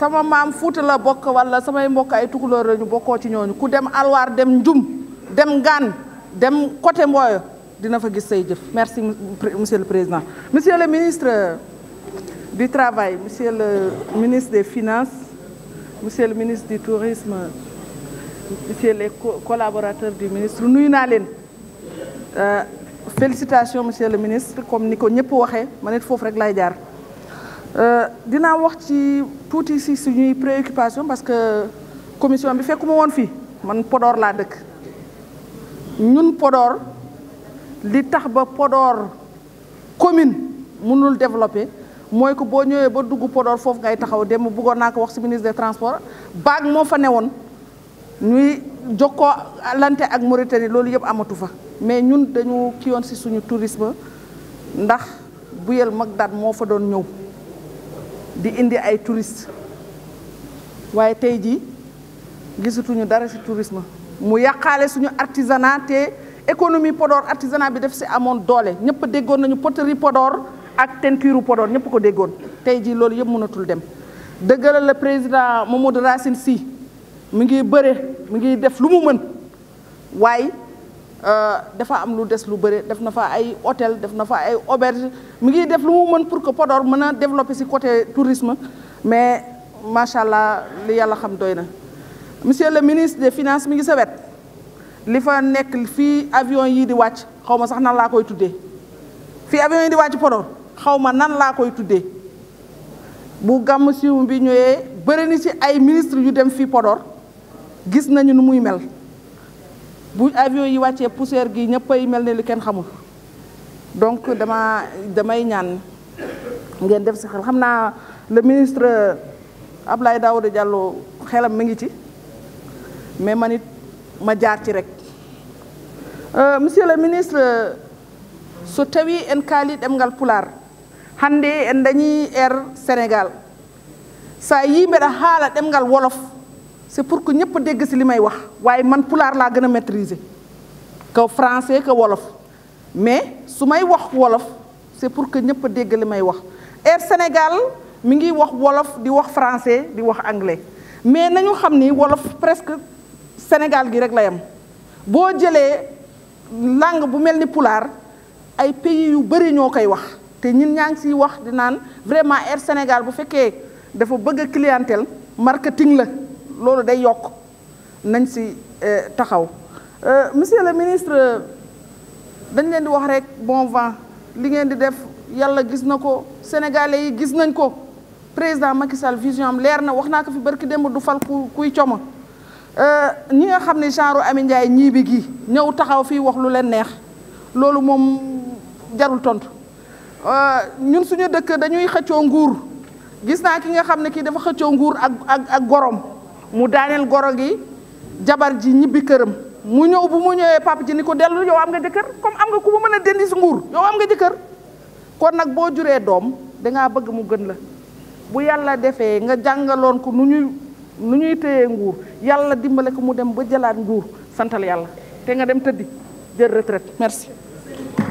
sama mam Fuuta la bokk wala samay mbokk ay tukulor la ñu bokkoo ci ñooñu ku dem alwar dem njum dem gan dem côté mbooyo dina fa gis say jëf merci monsieur le président monsieur le ministre du travail monsieur le ministre des finances monsieur le ministre du tourisme monsieur les collaborateurs du ministre na len euh félicitations monsieur le ministre comme ni ko ñëpp waxee ma nit rek lay jaar Euh, dinaa wax ci tuuti si suñuy préoccupation parce que commission bi fekkuma woon fii man podoor laa dëkk ñun Podor li tax ba podoor commune mënul développer mooy ko boo ñëwee ba dugg podoor foofu ngay taxaw dem bëggoon naa ko wax si ministre des transports baag moo fa ne woon ñuy jokkoo lante ak Mauritanie loolu yëpp amatu fa mais ñun dañu yoon si suñu tourisme ndax buyel mag daat moo fa doon ñëw di indi ay touriste waaye tey jii gisatuñu dara ci tourisme mu yàqaale suñu artisanat te économie Podor artisanat bi def ci amoon doole ñëpp déggoon nañu poterie podoor ak teinture Podor ñëpp ko déggoon tey jii loolu yëpp mënatul dem dëggala la président Mamadou Racine si mu ngi bëre mu ngi def lu mu mën waaye Euh, dafa am lu dess lu beure def na fa ay hôtel def na fa ay auberge mi ngi def lu mu meun pour que Podor meuna développer ci côté tourisme mais machallah li yalla xam doyna monsieur le ministre des finances mi ngi sawet li fa nek fi avion yi di wacc xawma sax nan la koy tuddé fi avion yi di wacc Podor xawma nan la koy tuddé bu gam siiw bi ñëwee beure ni ci ay ministre yu dem fi Podor gis nañu nu muy mel bu avion yi wàccee poussière gi ñëppay mel ne li kenn xamul donc dama damay ñaan ngeen def si xel xam le ministre Abdoulaye Daouda Diallo xelam mi ngi ci mais man ma jaar ci rek euh, monsieur le ministre so tawi en kaali ɗemgal pular hande en dañi er sénégal sa yi yimɓeɗa haala ɗemgal wolof c'est pour que ñëpp dégg si li may wax waaye man pulaar laa gën a maîtriser que français que wolof mais su may wax wolof c'est pour que ñëpp dégg li may wax Air Sénégal mi ngi wax wolof di wax français di wax anglais mais nañu xam ni wolof presque Sénégal gi rek la yam boo jëlee langue bu mel ni pulaar ay pays yu bëri ñoo koy wax te ñun ñaa ngi siy wax di naan vraiment Air Sénégal bu fekkee dafa bëgg clientèle marketing la loolu day yokk nañ si eh, taxaw eh, monsieur le ministre dañ leen di wax rek bon vent li ngeen di def yàlla gis na ko sénégalais yi gis nañ ko président Macky Sall vision am leer na wax naa ko fi barki démb du fal ku kuy coma eh, ñi nga xam ne genre Amy Ndiaye ñii bi gi ñëw taxaw fii wax lu leen neex loolu moom jarul tontu ñun suñu dëkk dañuy xëccoo nguur gis naa ki nga xam ne kii dafa xëccoo nguur ak ak ak gorom mu daaneel goro gi jabar ji ñibbi këram mu ñëw bu mu ñëwee papa ji ni ko dellu yow am nga jëkkër comme am nga ku mu mën a dendi si nguur yow am nga jëkkër kon nag boo juree doom dangaa bëgg mu gën la bu yàlla defee nga jàngaloon ko nu ñuy nu ñuy téye nguur yàlla dimbale ko mu dem ba jëlaat nguur santal yàlla te nga dem tëddi jël retraite merci